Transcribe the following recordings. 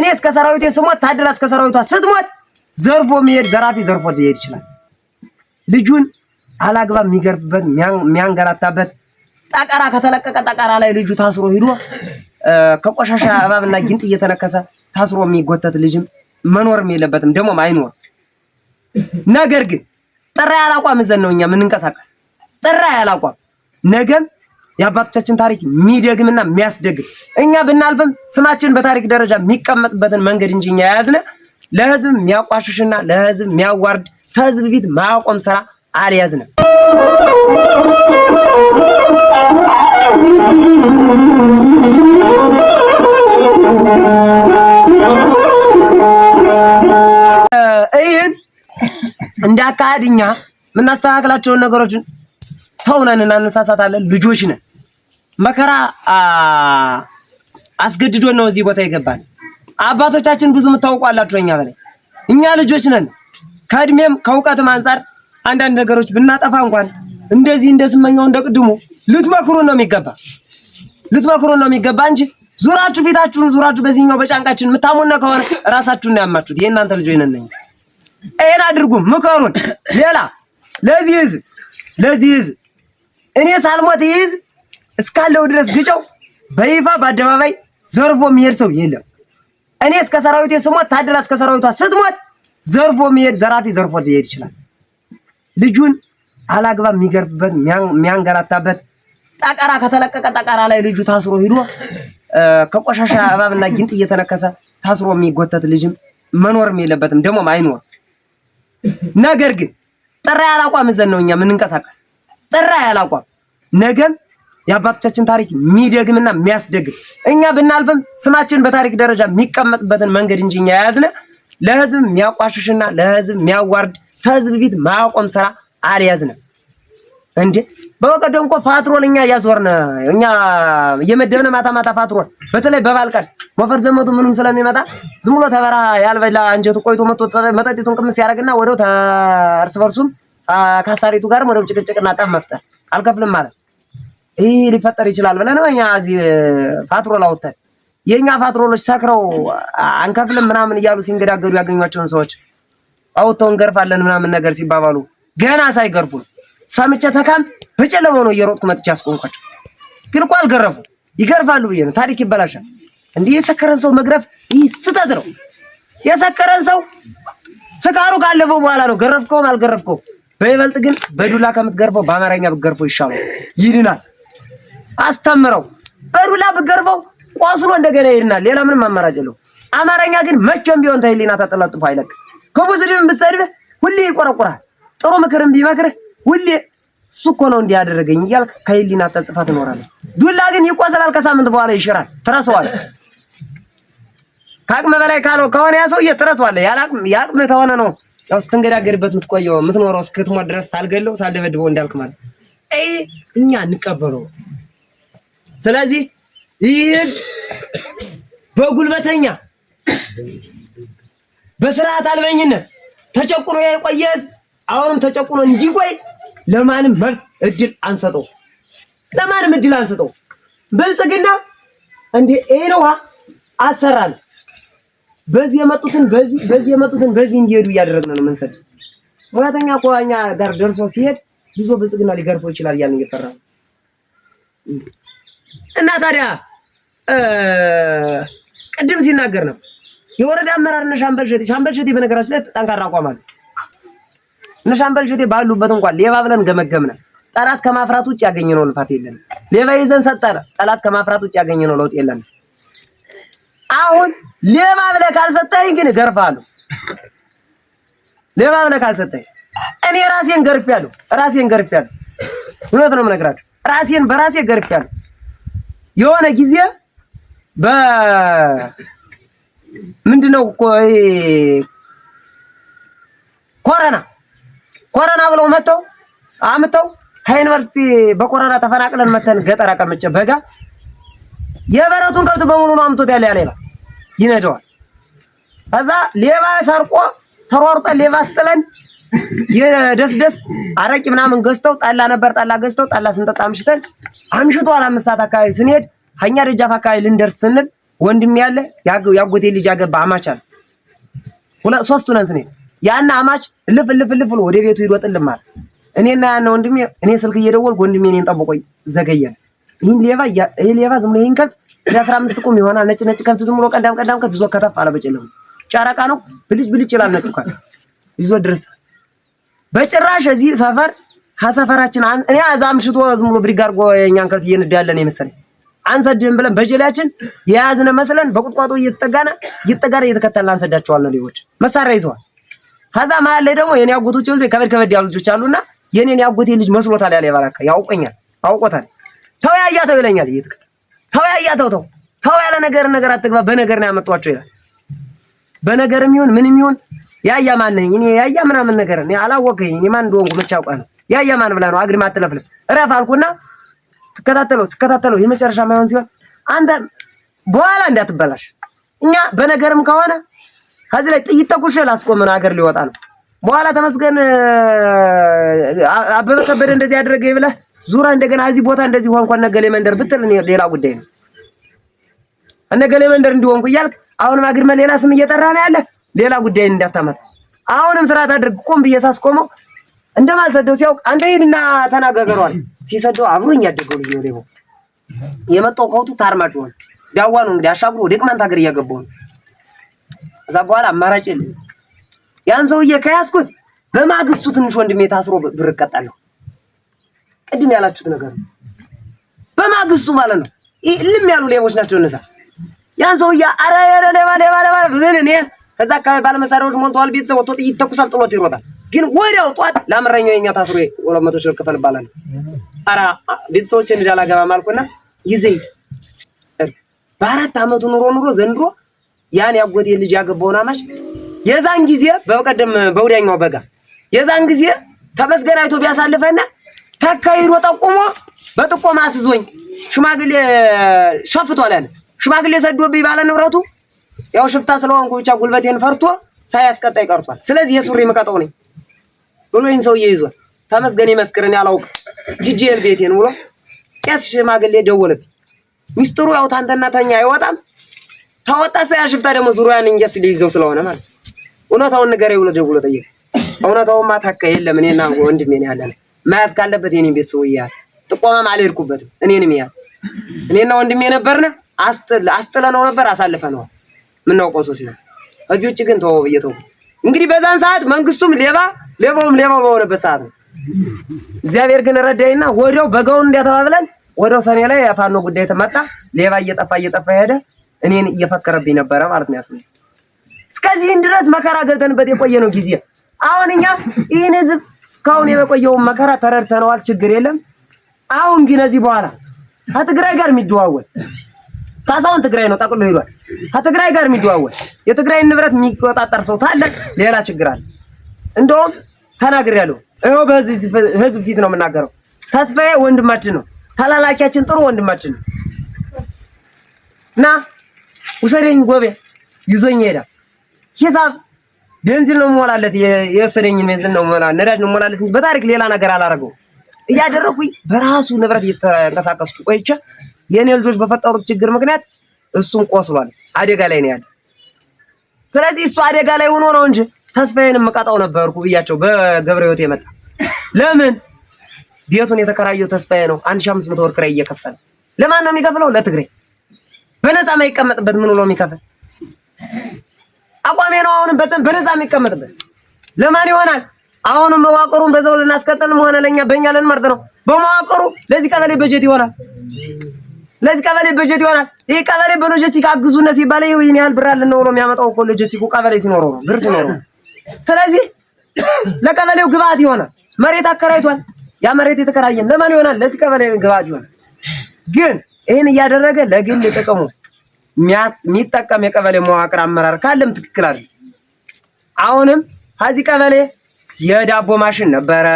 እኔ እስከ ሰራዊቴ ስሞት ታድራ እስከ ሰራዊቷ ስትሞት ዘርፎ መሄድ ዘራፊ ዘርፎ ሊሄድ ይችላል። ልጁን አላግባ የሚገርፍበት የሚያንገላታበት ጠቀራ ከተለቀቀ ጠቀራ ላይ ልጁ ታስሮ ሂዶ ከቆሻሻ እባብና ጊንጥ እየተነከሰ ታስሮ የሚጎተት ልጅም መኖርም የለበትም ደግሞም አይኖር። ነገር ግን ጥራ ያላቋም ዘን ነው እኛ የምንንቀሳቀስ ጥራ ያላቋም ነገም የአባቶቻችን ታሪክ የሚደግምና የሚያስደግም እኛ ብናልፍም ስማችን በታሪክ ደረጃ የሚቀመጥበትን መንገድ እንጂ እኛ የያዝነ ለህዝብ የሚያቋሽሽና ለህዝብ የሚያዋርድ ከህዝብ ፊት ማያቆም ስራ አልያዝነ። ይህን እንደ አካሄድ እኛ የምናስተካክላቸውን ነገሮችን ሰው ነን እናነሳሳታለን። ልጆች ነን። መከራ አስገድዶን ነው እዚህ ቦታ ይገባል አባቶቻችን ብዙ ምታውቋላችሁ እኛ በላይ እኛ ልጆች ነን። ከእድሜም ከእውቀትም አንጻር አንዳንድ ነገሮች ብናጠፋ እንኳን እንደዚህ እንደስመኛው እንደቅድሙ ልትመክሩ ነው የሚገባ ልትመክሩ ነው የሚገባ እንጂ ዙራችሁ ፊታችሁን ዙራችሁ በዚህኛው በጫንቃችን የምታሙነ ከሆነ ራሳችሁን ነው ያማችሁት። ይሄ እናንተ ልጆች ነን። ይሄን አድርጉም ምከሩን። ሌላ ለዚህ ህዝብ ለዚህ ህዝብ እኔ ሳልሞት ይህ ህዝብ እስካለው ድረስ ግጨው። በይፋ በአደባባይ ዘርፎ የሚሄድ ሰው የለም። እኔ እስከ ሰራዊቴ ስሞት፣ ታድላ እስከ ሰራዊቷ ስትሞት፣ ዘርፎ የሚሄድ ዘራፊ ዘርፎ ሊሄድ ይችላል። ልጁን አላግባብ የሚገርፍበት የሚያንገላታበት ጠቀራ ከተለቀቀ ጠቀራ ላይ ልጁ ታስሮ ሂዶ ከቆሻሻ እባብና ጊንጥ እየተነከሰ ታስሮ የሚጎተት ልጅም መኖርም የለበትም ደግሞ አይኖርም። ነገር ግን ጥራ ያላቋም እዘን ነው እኛ የምንንቀሳቀስ ጥራ ያላቋም ነገም የአባቶቻችን ታሪክ የሚደግምና የሚያስደግም እኛ ብናልፍም ስማችን በታሪክ ደረጃ የሚቀመጥበትን መንገድ እንጂ እኛ የያዝነ ለህዝብ የሚያቋሽሽና ለህዝብ የሚያዋርድ ከህዝብ ፊት ማቆም ስራ አልያዝንም። እንዴ በቀደም እኮ ፓትሮል እኛ እያስወርነ እኛ እየመደብነ ማታ ማታ ፓትሮል፣ በተለይ ቀን ወፈር ዘመቱ ምንም ስለሚመጣ ዝም ብሎ ተበራ ያልበላ አንጀቱ ቆይቶ መጠጢቱን ቅምስ ያደርግና ወደው እርስ በርሱም ከአሳሪቱ ጋርም ወደው ጭቅጭቅና ጠብ መፍጠር አልከፍልም ማለት ይህ ሊፈጠር ይችላል ብለን እኛ እዚህ ፋትሮል አውጥተን የእኛ ፋትሮሎች ሰክረው አንከፍልም ምናምን እያሉ ሲንገዳገዱ ያገኟቸውን ሰዎች አውጥተው እንገርፋለን ምናምን ነገር ሲባባሉ ገና ሳይገርፉ ሰምቼ ተካምፕ በጨለማው ነው እየሮጥኩ መጥቼ ያስቆምኳቸው። ግን እኮ አልገረፉ። ይገርፋሉ ብዬ ነው። ታሪክ ይበላሻል። እንዲህ የሰከረን ሰው መግረፍ ይህ ስህተት ነው። የሰከረን ሰው ስካሩ ካለፈው በኋላ ነው ገረፍከውም አልገረፍከውም። በይበልጥ ግን በዱላ ከምትገርፈው በአማርኛ ብትገርፈው ይሻላል፣ ይድናል። አስተምረው በዱላ ብገርበው ቆስሎ እንደገና ይሄድናል። ሌላ ምንም አማራጭ የለው። አማርኛ ግን መቼም ቢሆን ተህሊና ተጠላጥፎ አይለቅም። ክፉ ስድብን ብትሰድብህ ሁሌ ይቆረቁራል። ጥሩ ምክርም ቢመክርህ ሁሌ እሱ እኮ ነው እንዲህ ያደረገኝ እያልክ ከህሊና ተጽፋ ትኖራለህ። ዱላ ግን ይቆሰላል፣ ከሳምንት በኋላ ይሽራል። ትረሳዋለህ። ከአቅም በላይ ካለው ከሆነ ያ ሰውዬ ትረሳዋለህ። ያቅም ተሆነ ነው ያው ስትንገዳገድበት የምትቆየው የምትኖረው እስክትሞት ድረስ ሳልገለው ሳልደበድበው እንዳልክ ማለት እኛ እንቀበለው ስለዚህ ይህ ህዝብ በጉልበተኛ በስርዓት አልበኝነት ተጨቁኖ የቆየ ህዝብ አሁንም ተጨቁኖ እንዲቆይ ለማንም መብት እድል አንሰጠው፣ ለማንም እድል አንሰጠው። ብልጽግና እንደ ኤሎዋ ውሃ አሰራን በዚህ የመጡትን በዚህ በዚህ የመጡትን በዚህ እንዲሄዱ እያደረግን ነው የምንሰድ። ሙያተኛ እኮ ጋር ደርሶ ሲሄድ ብዙ ብልጽግና ሊገርፈው ይችላል እያልን እየጠራን እና ታዲያ ቅድም ሲናገር ነው የወረዳ አመራር እነ ሻምበል ሸቴ ሻምበል ሸቴ በነገራችን ላይ ጠንካራ አቋም አለ። እነ ሻምበል ሸቴ ባሉበት እንኳን ሌባ ብለን ገመገምነ። ጠላት ከማፍራት ውጭ ያገኘነው ልፋት የለንም። ሌባ ይዘን ሰጠነ። ጠላት ከማፍራት ውጭ ያገኘነው ለውጥ የለንም። አሁን ሌባ ብለህ ካልሰጠኝ ግን እገርፍሃለሁ። ሌባ ብለህ ካልሰጠኝ እኔ ራሴን ገርፌያለሁ። ራሴን ገርፌያለሁ። እውነት ነው የምነግራቸው ራሴን በራሴ ገርፌያለሁ። የሆነ ጊዜ በምንድነው ኮረና ኮረና ብለው መተው አምተው ከዩኒቨርሲቲ በኮረና ተፈናቅለን መተን ገጠር አቀምጬ በጋ የበረቱን ከብት በሙሉ ነው አምቶት ያለ ያለ ይነደዋል። ከዛ ሌባ ሰርቆ ተሯርጠን ሌባ ስጥለን የደስ ደስ አረቂ ምናምን ገዝተው ጠላ ነበር። ጠላ ገዝተው ጠላ ስንጠጣ አምሽተን አምሽቶ አምስት ሰዓት አካባቢ ስንሄድ ሀኛ ደጃፍ አካባቢ ልንደርስ ስንል ወንድም ያለ ያጎቴ ልጅ ያገባ አማች አለ። ሶስቱ ነን ስንሄድ ያና አማች ልፍ ልፍ ልፍ ወደ ቤቱ ሂዶ አለ። እኔና ያና ወንድሜ እኔ ስልክ እየደወልኩ ወንድሜ እኔን ጠብቆኝ ዘገየን። ይህን ሌባ ይህ ሌባ ዝም ብሎ ይህን ከብት የአስራ አምስት ቁም ይሆናል። ነጭ ነጭ ከብት ዝም ብሎ ቀዳም ቀዳም ከብት ይዞ ከተፍ አለ። በጨለሙ ጨረቃ ነው ብልጭ ብልጭ ይላል። ነጭ ይዞ ድረስ በጭራሽ እዚህ ሰፈር ከሰፈራችን እኔ እዛ ምሽቶ ዝም ብሎ ብሪግ አድርጎ የእኛን ከብት እየነዳለን የመሰለኝ አንሰድህም ብለን በጀሌያችን የያዝነ መስለን በቁጥቋጦ እየተጠጋና እየተጠጋና እየተከተልን አንሰዳቸዋል ነው ሌቦች መሳሪያ ይዘዋል። ከዛ መሀል ላይ ደግሞ የኔ አጎቶች ልጆች ከበድ ከበድ ያሉ ልጆች አሉና የኔን ያጎቴ ልጅ መስሎታል። ያለ ባላካ ያውቀኛል፣ አውቆታል። ተው ያያተው ይለኛል። እየትክ ተው ያያተው ተው ተው ያለ ነገር ነገር አትግባ በነገር ነው ያመጧቸው ይላል። በነገርም ይሁን ምንም ይሁን ያያ ማን ነኝ እኔ ያያ ምናምን ነገር እኔ አላወቀኝ እኔ ማን እንደሆንኩ መቼ አውቃ ነው ያያ ማን ብላ ነው አግድም አትለፍልፍ እረፍ አልኩና ትከታተለው ስከታተለው የመጨረሻ ማይሆን ሲሆን አንተ በኋላ እንዳትበላሽ እኛ በነገርም ከሆነ ከዚህ ላይ ጥይት ተኩሼ ላስቆመን ሀገር ሊወጣ ነው። በኋላ ተመስገን አበበ ከበደ እንደዚህ ያደረገ ብለህ ዙራ እንደገና እዚህ ቦታ እንደዚህ ሆንኳን ነገሌ መንደር ብትል ሌላ ጉዳይ ነው። እነገሌ መንደር እንዲሆንኩ እያልክ አሁንም አግድመ ሌላ ስም እየጠራ ነው ያለ ሌላ ጉዳይ እንዳታመጣ። አሁንም ስርዓት አድርግ። ቆም ብዬ ሳስቆመው እንደማልሰደው ሲያውቅ አንተ ሂድና ተናገገሯል። ሲሰደው አብሮኝ ያደገው ልጅ ነው። ደግሞ የመጣው ከውቱ ታርማጭ ሆነ ዳዋ ነው እንግዲህ አሻግሮ ወደ ቅማንት ሀገር እያገባው ነው። ከዛ በኋላ አማራጭ የለም። ያን ሰውዬ ከያዝኩት በማግስቱ ትንሽ ወንድሜ ታስሮ ብር እቀጣለሁ። ቅድም ያላችሁት ነገር ነው። በማግስቱ ማለት ነው። ልም ያሉ ሌቦች ናቸው እነዛ። ያን ሰውዬ አረ ሌባ ሌባ ሌባ ብለን እኔ እዛ አካባቢ ባለመሳሪያዎች ሞልተዋል። ቤተሰብ ወጥቶ ጥይት ተኩሳል፣ ጥሎት ይሮጣል። ግን ወዲያው ጧት ለአምረኛው የኛ ታስሮ ሁለት መቶ ሺህ ክፈል ይባላል። ኧረ ቤተሰቦች እንዲ አላገባም አልኩና ይዘይ በአራት አመቱ ኑሮ ኑሮ ዘንድሮ ያን ያጎቴ ልጅ ያገባውን አማሽ የዛን ጊዜ በቀደም በውዳኛው በጋ የዛን ጊዜ ተመስገን አይቶ ቢያሳልፈና ተካሂዶ ጠቁሞ በጥቆማ አስዞኝ ሽማግሌ ሸፍቷል ያለ ሽማግሌ ሰዶብኝ ባለ ንብረቱ ያው ሽፍታ ስለሆንኩ ብቻ ጉልበቴን ፈርቶ ሳያስቀጣይ ቀርቷል። ስለዚህ የሱሪ መቀጠው ነኝ ብሎኝ ሰውዬ ይዟል። ተመስገን ይመስክርን ያላውቅ ጅጄን ቤቴን ብሎ ቄስ ሽማግሌ ደወለብኝ። ሚስጥሩ ያው ታንተና ተኛ አይወጣም። ታወጣ ሳያ ሽፍታ ደግሞ ዙሪያን እንጀስ ሊይዘው ስለሆነ ማለት እውነታውን ንገረኝ ብሎ ደውሎ ጠየቀ። እውነታውማ ታካ የለም እኔና ወንድሜ ነው መያዝ ካለበት የኔን ቤት ሰውዬ ያዝ። ጥቆማም አልሄድኩበትም። እኔንም ያዝ። እኔና ወንድሜ ነበርነ አስጥለ አስጥለ ነው ነበር አሳልፈ ነው የምናውቀው ሰው ሲሆን እዚህ ውጭ ግን ተወው ብዬ እንግዲህ በዛን ሰዓት መንግስቱም ሌባ ሌባውም ሌባ በሆነበት ሰዓት ነው። እግዚአብሔር ግን ረዳኝና ወዲያው በጋውን እንዲያተባብለን ወዲያው ሰኔ ላይ የፋኖ ጉዳይ ተመጣ። ሌባ እየጠፋ እየጠፋ ሄደ። እኔን እየፈከረብኝ ነበረ ማለት ነው። ያስነ እስከዚህን ድረስ መከራ ገብተንበት የቆየ ነው ጊዜ። አሁን እኛ ይህን ህዝብ እስካሁን የቆየውን መከራ ተረድተነዋል። ችግር የለም። አሁን ግን እዚህ በኋላ ከትግራይ ጋር የሚደዋወል ካሳሁን ትግራይ ነው ጠቅሎ ሄዷል። ከትግራይ ጋር የሚደዋወስ የትግራይን ንብረት የሚቆጣጠር ሰው ታለ ሌላ ችግር አለ። እንደውም ተናግር ያለው ይኸው በህዝብ ፊት ነው የምናገረው። ተስፋዬ ወንድማችን ነው፣ ተላላኪያችን፣ ጥሩ ወንድማችን ነው እና ውሰደኝ ጎቤ ይዞኝ ሄዳ ሂሳብ ቤንዚን ነው የምሞላለት፣ የወሰደኝን ቤንዚን ነው የምሞላ ነዳጅ ነው የምሞላለት እንጂ በታሪክ ሌላ ነገር አላደረገውም። እያደረኩኝ በራሱ ንብረት እየተንቀሳቀስኩ ቆይቼ የኔ ልጆች በፈጠሩት ችግር ምክንያት እሱም ቆስሏል፣ አደጋ ላይ ነው ያለ። ስለዚህ እሱ አደጋ ላይ ሆኖ ነው እንጂ ተስፋዬን መቃጣው ነበርኩ ብያቸው በገብረ ህይወት የመጣ ለምን ቤቱን የተከራየው ተስፋዬ ነው። 1500 ወር ክራይ እየከፈለ ለማን ነው የሚከፍለው? ለትግሬ በነፃ የማይቀመጥበት ምን ብሎ የሚከፍል አቋሜ ነው። አሁንም በነፃ የሚቀመጥበት ለማን ይሆናል? አሁንም መዋቅሩን በዘው ልናስቀጥልም ሆነ ለኛ በእኛ ልንመርጥ ነው። በመዋቅሩ ለዚህ ቀበሌ በጀት ይሆናል። ለዚህ ቀበሌ በጀት ይሆናል። ይህ ቀበሌ በሎጂስቲክ አግዙነ ሲባል ይሄን ያህል ብር አለን ነው የሚያመጣው እኮ ሎጂስቲኩ ቀበሌ ሲኖረው ነው ብር ሲኖረው። ስለዚህ ለቀበሌው ግብአት ይሆናል። መሬት አከራይቷል። ያ መሬት የተከራየም ለማን ይሆናል? ለዚህ ቀበሌ ግብአት ይሆናል። ግን ይህን እያደረገ ለግል ጥቅሙ የሚጠቀም የቀበሌ መዋቅር አመራር ካለም ትክክል አለ። አሁንም ከዚህ ቀበሌ የዳቦ ማሽን ነበረ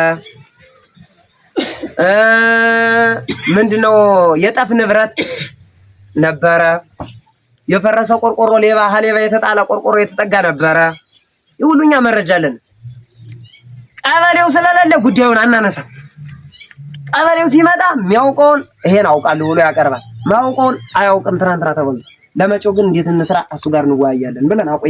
ምንድነው የጠፍ ንብረት ነበረ። የፈረሰ ቆርቆሮ ሌባ ሀሌባ የተጣለ ቆርቆሮ የተጠጋ ነበረ። ይሁሉኛ መረጃ አለን። ቀበሌው ስለሌለ ጉዳዩን አናነሳ። ቀበሌው ሲመጣ የሚያውቀውን ይሄን አውቃለሁ ብሎ ያቀርባል። ማያውቀውን አያውቅም ትናንትና ተብሎ ለመጪው ግን እንዴት እንስራ እሱ ጋር እንወያያለን ብለን አቆይ